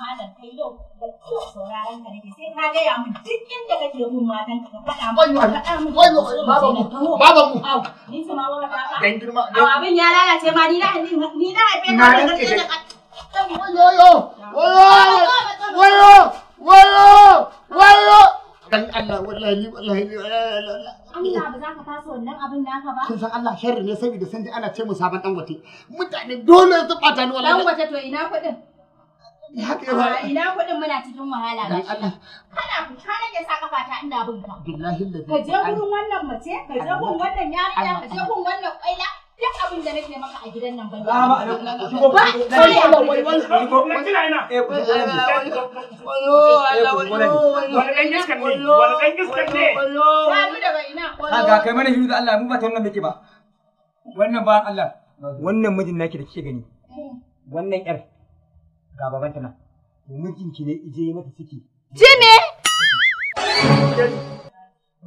malam kai yau da kyau sauraron ka nake sai ka gaya min duk inda bin matan ka faɗa min ka faɗa min wai baba mu baba mu au ni sama wala baba dan girma abin ya lalace ma ni na ni na haife ka da gaske da wayo wayo wayo wayo wayo dan Allah wallahi wallahi Allah ba za ka fasa wannan abin ba kin Allah sharri ne saboda san ana ce mu sabon dan wate mutane dole su bata ni wallahi dan wate to ina kuɗin Ina kuɗin muna cikin wahala da shi. Kana fita nake sa kafa ta inda bin ka. Billahi Ka je gurin wannan mace, ka je gurin wannan yarinya, ka je gurin wannan ƙwaila. Duk abin da nake maka a gidan nan ban yi. Ba, ba, Ba ba ba ba. Wannan ba Allah. Wannan mijin naki da kike gani. Eh. Wannan 'yar. ga baban ta nan mijin ki ne ije yi mata ciki ji me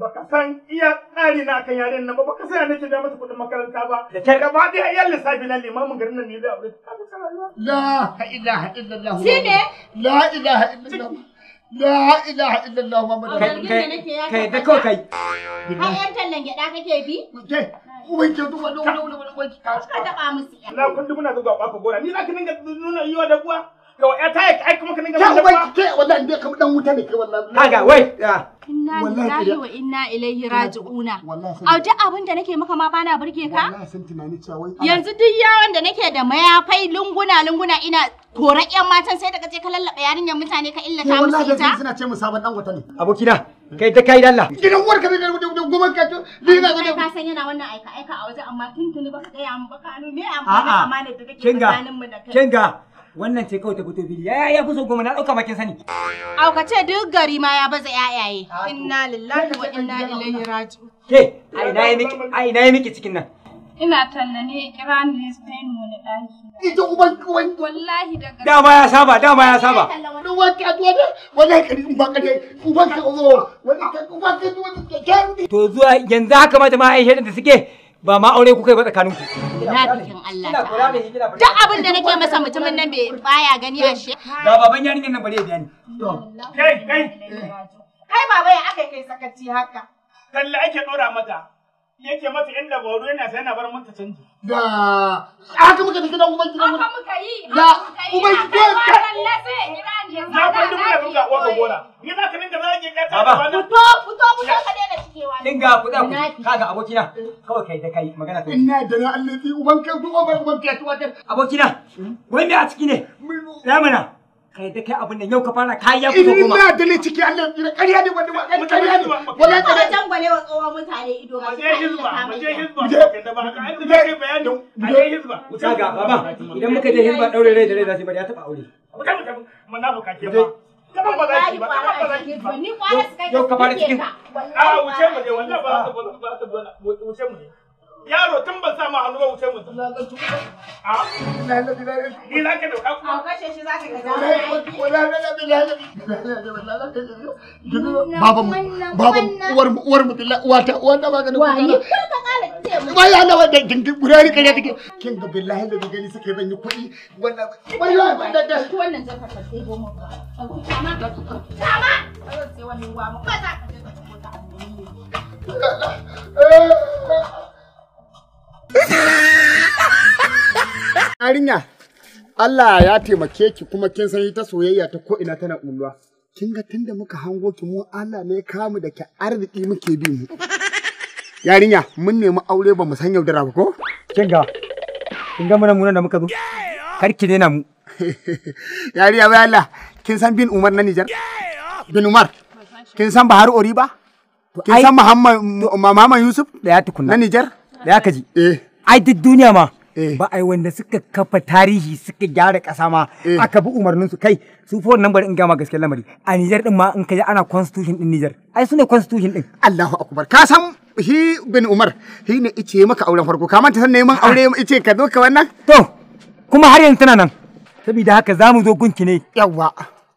baka san iya tsari na kan yaren nan ba baka san nake da mata kudin makaranta ba da kai gaba da iyan lissafi na limamin garin nan ne zai aure ta ka la ilaha illallah ji me la ilaha illallah La ilaha illallah Muhammadu Rasulullah. Kai da kawai kai. Har yan tallan kake bi? Ke, uban ke duba wani wani wani wani. Ka taɓa musu. Na kun dubuna zuwa ɓaka gora. Ni za ka dinga nuna yiwa da kuwa. yau ya ta ai kuma ka dinga abin da nake maka ma bana burge ka yanzu duk yaron da nake da mayafai lunguna lunguna ina kora matan sai daga je ka lallaba yarinyar mutane ka illata musu ita wallahi suna ce mu sabon dan ne abokina kai ta kai dalla ne da goma ka to ka san yana wannan aika aika a waje amma tuntuni baka ga mu baka anu me amma amana da kake tsakanin mu da kai kinga wannan ce kawai ta fito fili ya ya fi so goma na ɗauka bakin sani. Auka ce duk gari ma ya baza ƴaƴaye. Ah, inna lillahi wa inna ilaihi raji'un. Ke a ina yi miki cikin nan. Ina talla ne kira ni mu wani ɗaki. Ita uban kuwan. Wallahi daga. Dama ya saba dama ya saba. Wani wanke ka tuwa wallahi kari uban ka zo wani uban ka zo wani ka To zuwa yanzu haka mata ma aishe da suke ba ma aure kuka yi ba tsakanin ku. Nafikin Allah ta. Duk abin da nake masa mutumin nan bai baya gani a shi. Ga baban yarinyar nan bare ya biya ni. Kai kai. Eh. Kai baba ya aka kai sakaci haka. Talla ake ɗora mata. yake mata inda goro yana sai na bar mata canji. Da haka muka tafi dan ubangi Haka muka yi. Da ubangi ko ka. Na bar duk da buga ko ga Ni za ka dinga zage ka ba wannan. Fito fito fito ka daina cikewa. Dinga kuda ku kaga abokina kawai kai da kai magana ta. Ina da Allah uban kai duk uban uban Abokina wai me a ciki ne? Ramana. kai da kai abin nan yau ka fara kai ya fito kuma ina da ne ciki Allah ina ƙarya ne wani wani ƙarya ne wala ka da jangwale wa tsowa mutane ido ma je ma je hizba ka da ba ka an da a je hizba wuta ga baba idan muka je hizba daure rai da rai zasu bari ya taba aure mutum mutum munafuka ke ba kaman ba za ki ba kaman ba a wuce yaro tun ban sa ma hannu ba wuce mu a ni za ka dauka kuma a kashe shi za ka ga baban baban uwar mu uwar mu billahi uwata uwanda ba ka da kuma wai ana wanda dinga burari kare take kin ga billahi da gani suke ban yi kuɗi wannan wallahi ban da wannan zaka ka sai goma ba sama sama sai wannan ruwa mu ka ta ka ta ko ta annabi Arinya, Allah ya taimake ki kuma kin san ita soyayya ta ko ina tana ulwa. Kin ga tunda muka hango ki mu Allah ne kamu da ki arziki muke bi mu. Yarinya, mun nemi aure ba mu san yaudara ba ko? Kin ga, kin ga muna munan da muka zo. Kar ki nena mu. Yarinya bai Allah, kin san bin Umar na Nijar? Bin Umar. Kin san Bahar Ori ba? Kin san Muhammad Yusuf? Da ya tukunna. Na Nijar? da aka ji eh. ai duk duniya ma eh. ba ai wanda suka kafa tarihi suka gyara ƙasa ma eh. aka bi umarninsu kai su fa wannan bari in gama gaske lamari a Nijar din ma in ka ji ana constitution din Nijar ai su ne constitution din Allahu akbar ka san hi bin Umar hi ne ice maka auren farko ka manta san neman aure ah. ice ka zo ka wannan to kuma har yanzu tana nan saboda haka zamu zo gunki ne yawa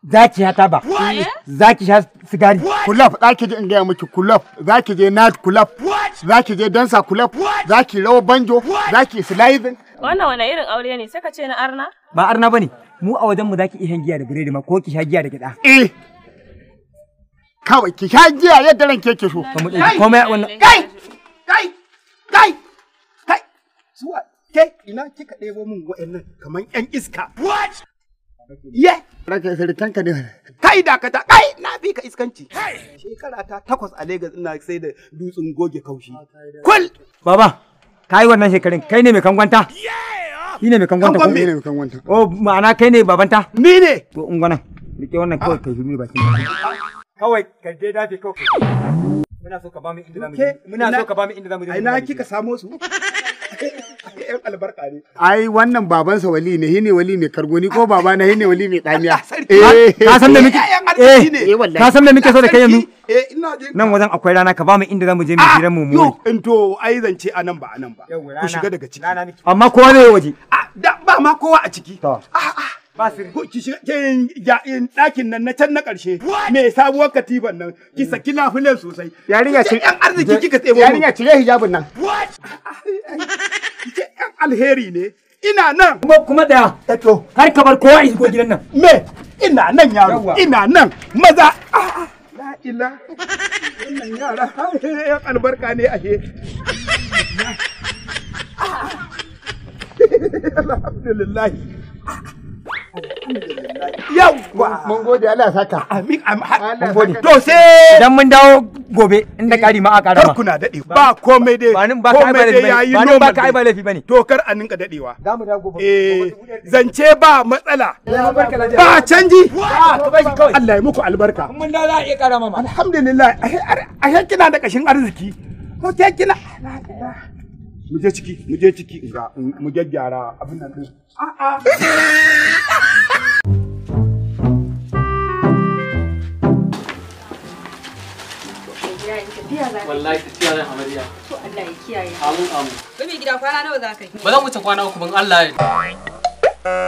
zaki ya taba eh? zaki ya sigari kulaf za ki je in gaya miki kulaf za ki je nad kulaf za ki je dansa kulaf za ki rawa banjo za ki wannan wani irin aure ne sai ka ce na arna ba arna ba ne mu a wajen mu za ki giya da biredi ma ko ki sha giya da gida eh kawai ki sha giya yadda ranke ke so Kai, kai, kai kai kai kai kai, kai ina kika ɗebo min kai, kamar 'yan iska kai, Ye! Raka sarkanka ne. Kai dakata, kai na fi ka iskanci. Shekara ta takwas a Legas ina sai da dutsen goge kaushi. Kul! Baba, ka yi wannan shekarun kai ne mai kangwanta? Ni ne mai kangwanta ko? Ni ne mai kangwanta. Oh, ma'ana kai ne babanta? Ni ne! To, ungwana, rike wannan kawai kai hiru bakin. Kawai ka je dafe kawai. Muna so ka ba mu inda zamu je. Muna so ka ba mu inda zamu je. Ai na kika samo su. yan albarka ne ai wannan babansa wali ne hine wali mai ni ko baba na hine wali mai damiya eh, ka san da muke eh, eh, ka san da muke so da kai yanzu nan wajen akwai rana ka ba mu inda zamu je mu hira ah, mu mu in to ai zance a nan ba a nan ba ku shiga daga ciki amma kowa ne waje ah, ba ma kowa a ciki a'a Ki shiga in ɗakin nan na can na ƙarshe. Me sabuwar katifan nan. Ki saki lafulen sosai. Yarinya ce. Yan arziki kika tsebo. Yarinya cire hijabin nan. Ki yan alheri ne. Ina nan. Kuma kuma daya. Eto. Har ka bar kowa gidan nan. Me? Ina nan yaro. Ina nan. Maza. Ah, ah. La ila. Wannan yara. albarka ne ashe. Alhamdulillah. Yawwa. Mun gode Allah saka. Amin mun gode. To sai idan mun dawo gobe inda kari eh, ma a karama. Kar kuna dade ba komai dai. Ba nin ba ka aiba laifi bane. Ba ba ka aiba laifi bane. To kar a ninka dadewa. Za mu dawo gobe. Eh zance ba matsala. Ba canji. Allah ya muku albarka. Mun da za a iya karama ma. Alhamdulillah. A kina da arziki. Ko ke kina. Mu je ciki, mu je ciki, mu gyaggyara abin nan A'a. wallahi tafiya zan amarya Allah ya kiyaye kwana nawa za ka yi ba zan wuce kwana uku Allah ya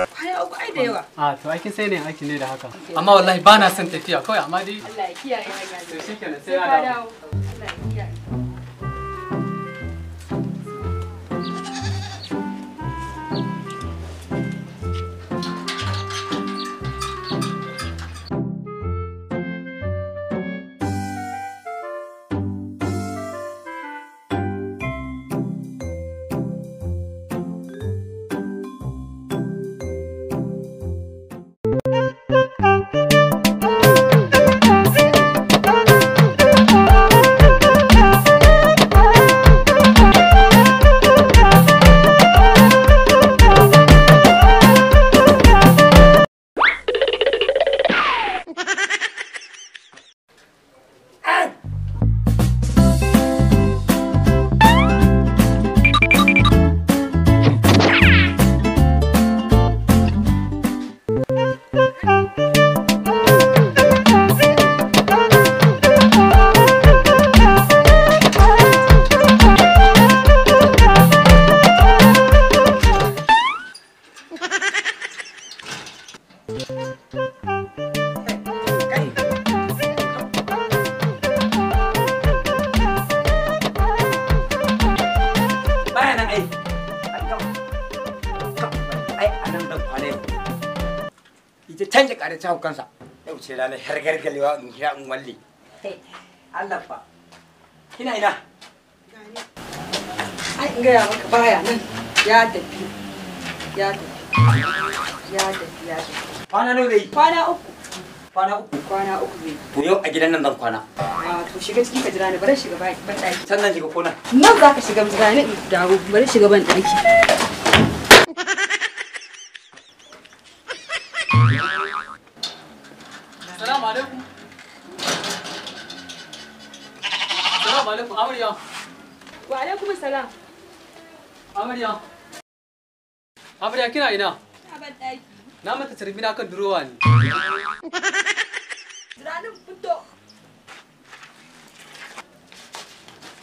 kwana uku ai da yawa a to aikin sai ne aikin ne da haka amma wallahi ba na son tafiya kawai amma dai Allah ya kiyaye sai na dawo nan ɗan kwane ita canje ƙare ta ya tafi ya tafi ya tafi ya tafi kwana nawa zai kwana uku kwana uku kwana uku zai to yau a gidan nan zan kwana a to shiga ciki ka bari shiga ban kona ka bari Assalamu alaikum amarya. Wa alaikum salam. Amarya. Amarya kina ina? A ban Na mata turbina kan durowa ne. Turanin fito.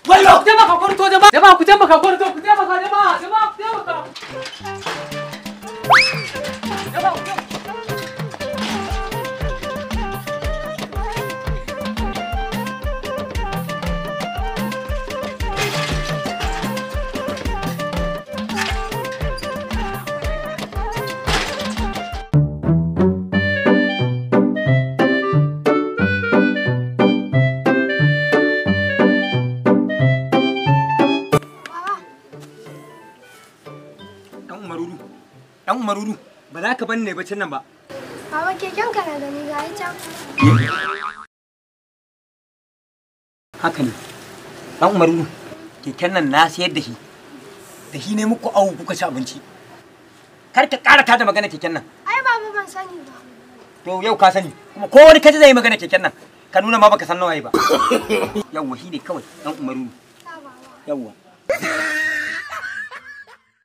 Wallo! Jama'a ka kwarto jama'a! Jama'a ku jama'a ka kwarto ku jama'a jama'a jama'a ku jama'a maruru ba za ka bani ne bacin nan ba baba keken ka na gani ga can haka ne dan maruru keken nan na sayar da shi da shi ne muku awu kuka ci abinci kar ka ƙara da magana keken nan ai baba ban sani ba to yau ka sani kuma ko wani kaji zai magana keken nan ka nuna ma baka san nawa nawaye ba yawwa shi ne kawai dan umaru yawwa